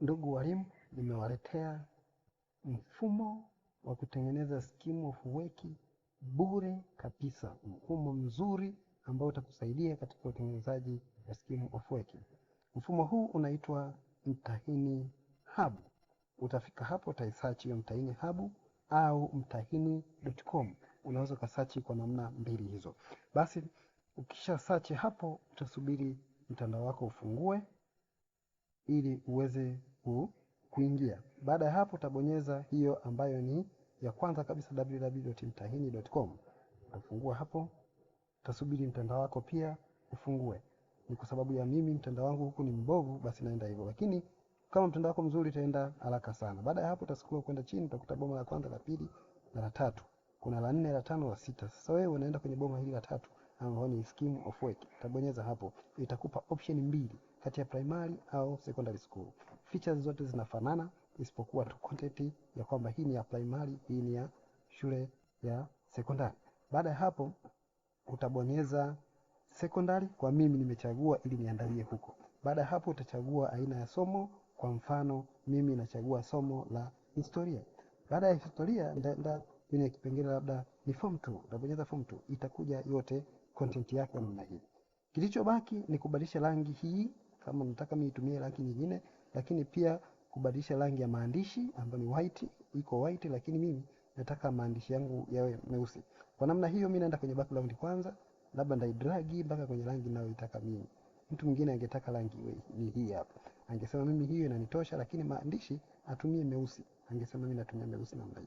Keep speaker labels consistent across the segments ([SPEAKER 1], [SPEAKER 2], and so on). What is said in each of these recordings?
[SPEAKER 1] Ndugu walimu, nimewaletea mfumo wa kutengeneza scheme of work bure kabisa, mfumo mzuri ambao utakusaidia katika utengenezaji wa scheme of work. Mfumo huu unaitwa Mtahini Hub. Utafika hapo utaisearch hiyo Mtahini Hub au mtahini.com. Unaweza ukasearch kwa namna mbili hizo. Basi ukisha search hapo, utasubiri mtandao wako ufungue ili uweze kuingia. Baada ya hapo utabonyeza hiyo ambayo ni ya kwanza kabisa www.mtahini.com. Utafungua hapo, utasubiri mtandao wako pia ufungue. Ni kwa sababu ya mimi mtandao wangu huku ni mbovu, basi naenda hivyo, lakini kama mtandao wako mzuri itaenda haraka sana. Baada ya hapo utasukua kwenda chini, utakuta boma la kwanza, la pili na la tatu, kuna la nne, la tano, la sita. Sasa wewe unaenda kwenye boma hili la tatu, ambao ni scheme of work, utabonyeza hapo, itakupa option mbili kati ya primary au secondary school. Features zote zinafanana isipokuwa tu content ya kwamba hii ni ya primary, hii ni ya shule ya secondary. Baada ya hapo utabonyeza secondary, kwa mimi nimechagua ili niandalie huko. Baada ya hapo utachagua aina ya somo, kwa mfano mimi nachagua somo la historia. Baada ya historia ndaenda kwenye kipengele labda ni form 2, utabonyeza form 2, itakuja yote content yake namna hii. Kilichobaki ni kubadilisha rangi hii kama nataka mimi nitumie rangi nyingine, lakini pia kubadilisha rangi ya maandishi ambayo ni white, iko white, lakini mimi nataka maandishi yangu yawe meusi. Kwa namna hiyo, mimi naenda kwenye background kwanza, labda ndai drag mpaka kwenye rangi ninayoitaka mimi. Mtu mwingine angetaka rangi iwe ni hii hapa, angesema mimi hiyo inanitosha, lakini maandishi atumie meusi, angesema mimi natumia meusi namna hii.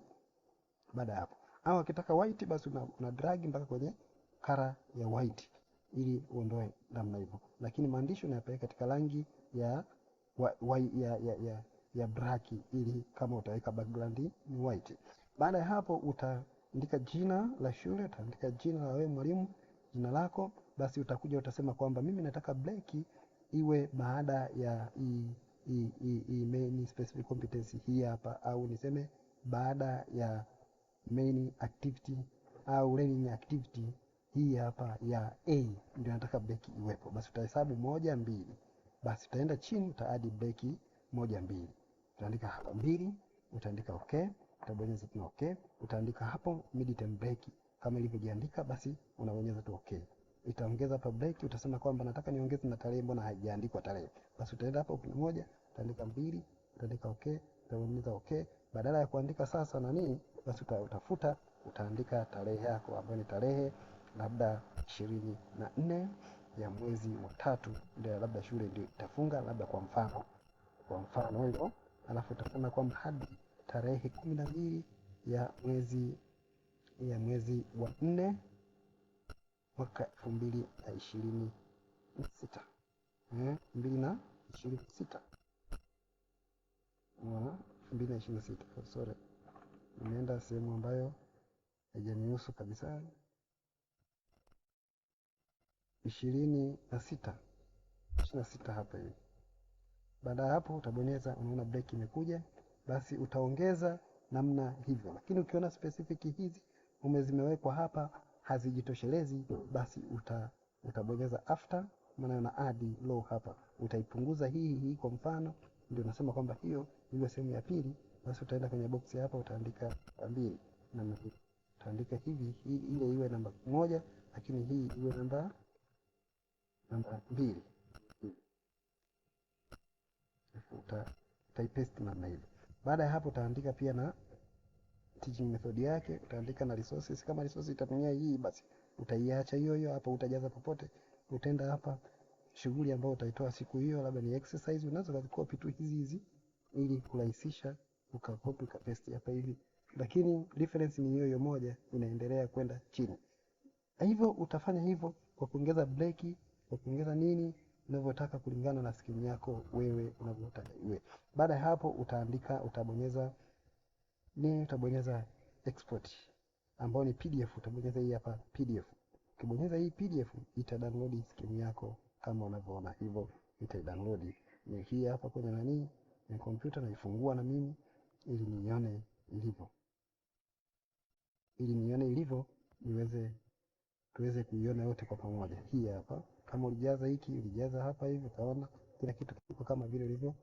[SPEAKER 1] Baada ya hapo, au akitaka white, basi una, una drag mpaka kwenye kara ya white ili uondoe namna hivyo, lakini maandishi unayapeleka katika rangi ya, wa, wa, ya, ya, ya, ya braki, ili kama utaweka background ni white. Baada ya hapo utaandika jina la shule, utaandika jina la wewe mwalimu, jina lako, basi utakuja utasema kwamba mimi nataka black iwe baada ya i, i, i, i main specific competency hii hapa, au niseme baada ya main activity au learning activity hii hapa ya A ndio nataka breki iwepo, basi utahesabu moja mbili, basi utaenda chini utaadi breki moja mbili, utaandika hapa mbili, utaandika okay, utabonyeza tu okay, utaandika hapo mid term breki kama ilivyojiandika, basi unabonyeza tu okay. Itaongeza hapa breki, utasema kwamba nataka niongeze na tarehe, mbona haijaandikwa tarehe? Basi utaenda hapo kuna moja, utaandika mbili, utaandika okay, utabonyeza okay. Badala ya kuandika sasa na nini, basi utafuta utaandika tarehe yako ambayo ni tarehe labda ishirini na nne ya mwezi wa tatu ndio labda shule ndio itafunga, labda kwa mfano kwa mfano hivyo, alafu itasema kwamba hadi tarehe kumi na mbili ya mwezi ya mwezi wa nne mwaka elfu mbili na ishirini na sita eh, mbili na ishirini na sita elfu mbili na ishirini na sita Sorry, nimeenda sehemu ambayo haijanihusu kabisa ishirini na sita ishirini na sita hapa hivi. Baada ya hapo utabonyeza, unaona break imekuja, basi utaongeza namna hivyo, lakini ukiona specific hizi umezimewekwa hapa hazijitoshelezi, basi uta, utabonyeza after, maana na add low hapa utaipunguza hii hii, kwa mfano ndio nasema kwamba hiyo ndio sehemu ya pili. Basi utaenda kwenye box hapa utaandika mbili na utaandika hivi, hii ile iwe namba moja, lakini hii iwe namba namba mbili uta utaipesti namna hivi. Baada ya hapo utaandika pia na teaching method yake, utaandika na resources. Kama resources itatumia hii, basi utaiacha hiyo hiyo hapa, utajaza popote, utenda hapa shughuli ambayo utaitoa siku hiyo, labda ni exercise, unaweza kuzikopi tu hizi hizi ili kurahisisha, ukakopi ukapaste hapa hivi, lakini difference ni hiyo hiyo moja, inaendelea kwenda chini. Hivyo utafanya hivyo kwa kuongeza breki kwa kuongeza nini unavyotaka kulingana na skimu yako wewe unavyotaka iwe. Baada ya hapo utaandika, utabonyeza nini? Utabonyeza export ambayo ni PDF, utabonyeza hii hapa PDF. Ukibonyeza hii PDF download skimu yako kama unavyoona hivyo, download ni hii hapa kwenye nani, ni kompyuta naifungua na mimi ili nione ilivyo, ili nione ilivyo niweze tuweze kuiona yote kwa pamoja. Hii hapa, kama ulijaza hiki ulijaza hapa hivi, utaona kila kitu kiko kama vile ilivyo